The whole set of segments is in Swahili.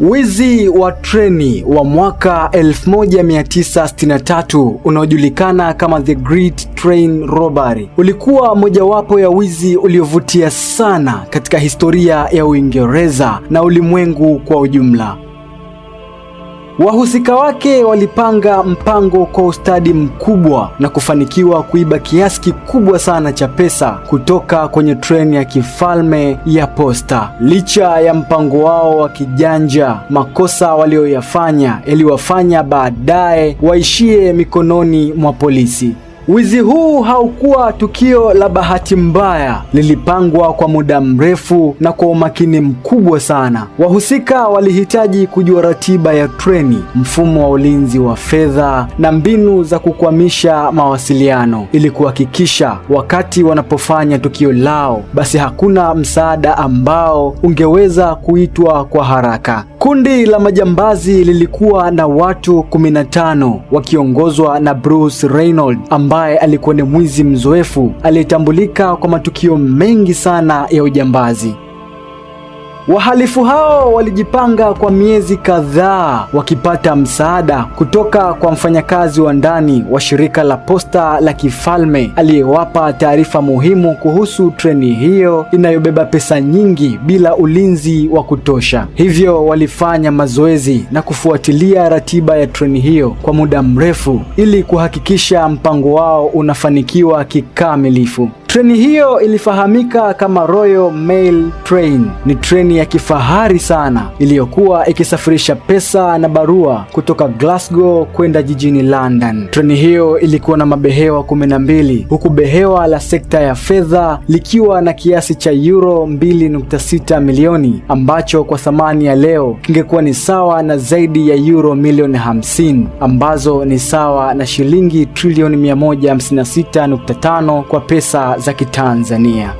Wizi wa treni wa mwaka 1963 unaojulikana kama the Great Train Robbery ulikuwa mojawapo ya wizi uliovutia sana katika historia ya Uingereza na ulimwengu kwa ujumla. Wahusika wake walipanga mpango kwa ustadi mkubwa na kufanikiwa kuiba kiasi kikubwa sana cha pesa kutoka kwenye treni ya kifalme ya posta. Licha ya mpango wao wa kijanja, makosa walioyafanya yaliwafanya baadaye waishie mikononi mwa polisi. Wizi huu haukuwa tukio la bahati mbaya, lilipangwa kwa muda mrefu na kwa umakini mkubwa sana. Wahusika walihitaji kujua ratiba ya treni, mfumo wa ulinzi wa fedha na mbinu za kukwamisha mawasiliano, ili kuhakikisha wakati wanapofanya tukio lao, basi hakuna msaada ambao ungeweza kuitwa kwa haraka. Kundi la majambazi lilikuwa na watu 15 wakiongozwa na Bruce Reynolds ambaye ambaye alikuwa ni mwizi mzoefu aliyetambulika kwa matukio mengi sana ya ujambazi. Wahalifu hao walijipanga kwa miezi kadhaa wakipata msaada kutoka kwa mfanyakazi wa ndani wa shirika la posta la kifalme aliyewapa taarifa muhimu kuhusu treni hiyo inayobeba pesa nyingi bila ulinzi wa kutosha. Hivyo walifanya mazoezi na kufuatilia ratiba ya treni hiyo kwa muda mrefu ili kuhakikisha mpango wao unafanikiwa kikamilifu. Treni hiyo ilifahamika kama Royal Mail Train. Ni treni ya kifahari sana iliyokuwa ikisafirisha pesa na barua kutoka Glasgow kwenda jijini London. Treni hiyo ilikuwa na mabehewa 12 mbili huku behewa la sekta ya fedha likiwa na kiasi cha euro 2.6 milioni ambacho kwa thamani ya leo kingekuwa ni sawa na zaidi ya euro milioni 50 ambazo ni sawa na shilingi trilioni 156.5 kwa pesa za Kitanzania.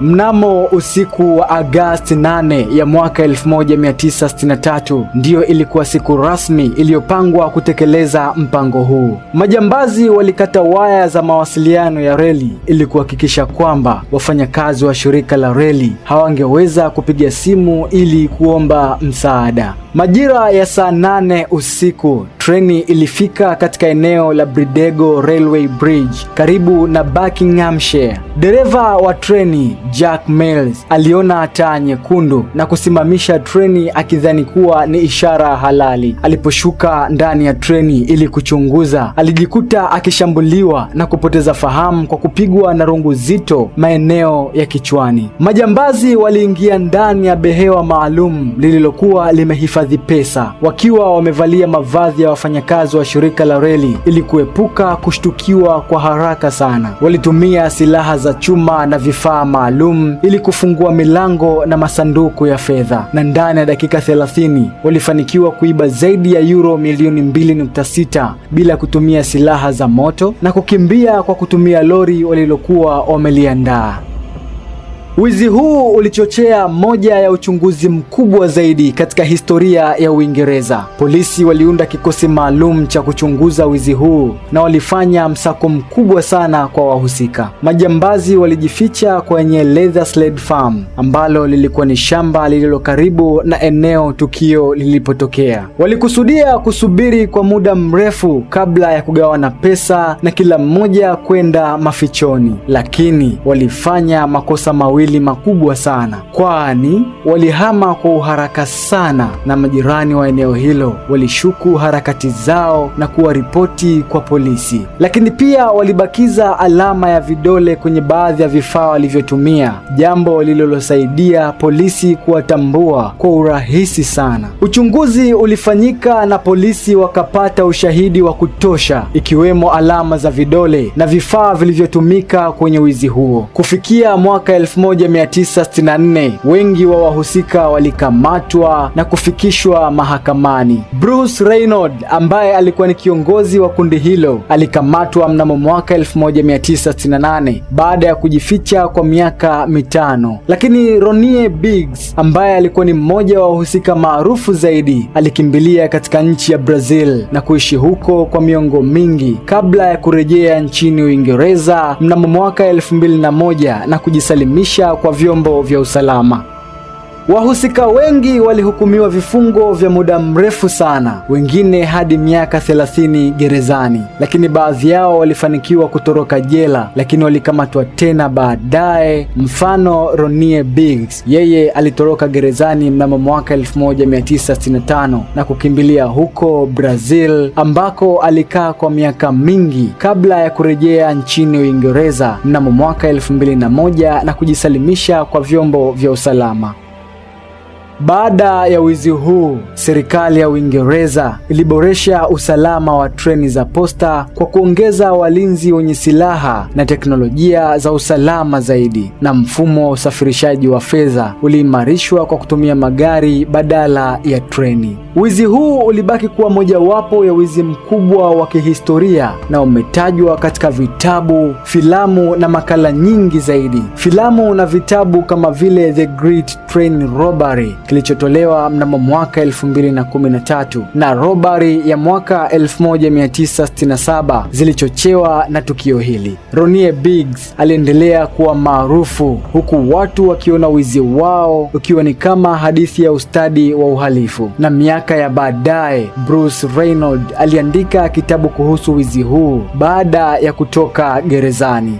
Mnamo usiku wa Agasti 8 ya mwaka 1963 ndiyo ilikuwa siku rasmi iliyopangwa kutekeleza mpango huu. Majambazi walikata waya za mawasiliano ya reli ili kuhakikisha kwamba wafanyakazi wa shirika la reli hawangeweza kupiga simu ili kuomba msaada. Majira ya saa nane usiku Treni ilifika katika eneo la Bridego Railway Bridge karibu na Buckinghamshire. Dereva wa treni Jack Mills aliona taa nyekundu na kusimamisha treni akidhani kuwa ni ishara halali. Aliposhuka ndani ya treni ili kuchunguza, alijikuta akishambuliwa na kupoteza fahamu kwa kupigwa na rungu zito maeneo ya kichwani. Majambazi waliingia ndani ya behewa maalum lililokuwa limehifadhi pesa wakiwa wamevalia mavazi ya ya wafanyakazi wa shirika la reli ili kuepuka kushtukiwa kwa haraka sana. Walitumia silaha za chuma na vifaa maalum ili kufungua milango na masanduku ya fedha, na ndani ya dakika 30 walifanikiwa kuiba zaidi ya euro milioni 2.6 bila kutumia silaha za moto na kukimbia kwa kutumia lori walilokuwa wameliandaa. Wizi huu ulichochea moja ya uchunguzi mkubwa zaidi katika historia ya Uingereza. Polisi waliunda kikosi maalum cha kuchunguza wizi huu na walifanya msako mkubwa sana kwa wahusika. Majambazi walijificha kwenye Leatherslade Farm ambalo lilikuwa ni shamba lililo karibu na eneo tukio lilipotokea. Walikusudia kusubiri kwa muda mrefu kabla ya kugawana pesa na kila mmoja kwenda mafichoni, lakini walifanya makosa mawili mawili makubwa sana, kwani walihama kwa uharaka sana, na majirani wa eneo hilo walishuku harakati zao na kuwaripoti kwa polisi. Lakini pia walibakiza alama ya vidole kwenye baadhi ya vifaa walivyotumia, jambo lililosaidia polisi kuwatambua kwa urahisi sana. Uchunguzi ulifanyika na polisi wakapata ushahidi wa kutosha, ikiwemo alama za vidole na vifaa vilivyotumika kwenye wizi huo. Kufikia mwaka elfu 1964. Wengi wa wahusika walikamatwa na kufikishwa mahakamani. Bruce Reynolds ambaye alikuwa ni kiongozi wa kundi hilo alikamatwa mnamo mwaka 1968 baada ya kujificha kwa miaka mitano, lakini Ronnie Biggs ambaye alikuwa ni mmoja wa wahusika maarufu zaidi alikimbilia katika nchi ya Brazil na kuishi huko kwa miongo mingi kabla ya kurejea nchini Uingereza mnamo mwaka 2001 na kujisalimisha kwa vyombo vya usalama. Wahusika wengi walihukumiwa vifungo vya muda mrefu sana, wengine hadi miaka 30 gerezani, lakini baadhi yao walifanikiwa kutoroka jela, lakini walikamatwa tena baadaye. Mfano, Ronnie Biggs, yeye alitoroka gerezani mnamo mwaka 1965 na kukimbilia huko Brazil ambako alikaa kwa miaka mingi kabla ya kurejea nchini Uingereza mnamo mwaka 2001 na kujisalimisha kwa vyombo vya usalama. Baada ya wizi huu, serikali ya Uingereza iliboresha usalama wa treni za posta kwa kuongeza walinzi wenye silaha na teknolojia za usalama zaidi, na mfumo wa usafirishaji wa fedha uliimarishwa kwa kutumia magari badala ya treni. Wizi huu ulibaki kuwa mojawapo ya wizi mkubwa wa kihistoria na umetajwa katika vitabu, filamu na makala nyingi zaidi. Filamu na vitabu kama vile The Great Train Robbery kilichotolewa mnamo mwaka 2013 na robari ya mwaka 1967 zilichochewa na tukio hili. Ronnie Biggs aliendelea kuwa maarufu huku watu wakiona wizi wao ukiwa ni kama hadithi ya ustadi wa uhalifu. Na miaka ya baadaye, Bruce Reynolds aliandika kitabu kuhusu wizi huu baada ya kutoka gerezani.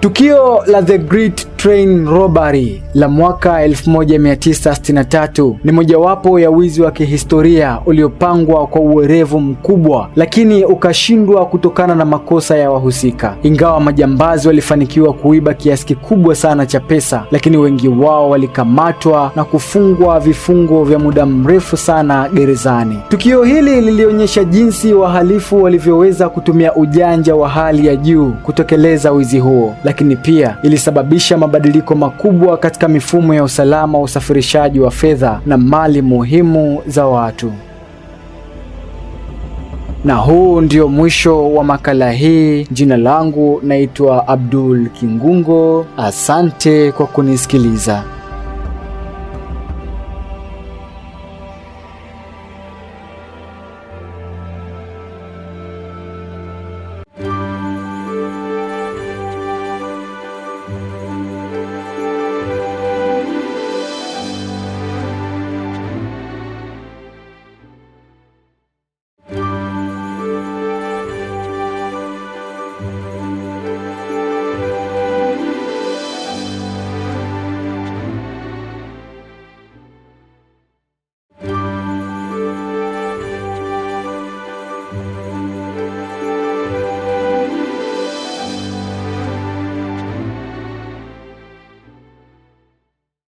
Tukio la The Great train robbery la mwaka 1963 ni mojawapo ya wizi wa kihistoria uliopangwa kwa uwerevu mkubwa, lakini ukashindwa kutokana na makosa ya wahusika. Ingawa majambazi walifanikiwa kuiba kiasi kikubwa sana cha pesa, lakini wengi wao walikamatwa na kufungwa vifungo vya muda mrefu sana gerezani. Tukio hili lilionyesha jinsi wahalifu walivyoweza kutumia ujanja wa hali ya juu kutekeleza wizi huo, lakini pia ilisababisha mabadiliko makubwa katika mifumo ya usalama wa usafirishaji wa fedha na mali muhimu za watu. Na huu ndio mwisho wa makala hii. Jina langu naitwa Abdul Kingungo. Asante kwa kunisikiliza.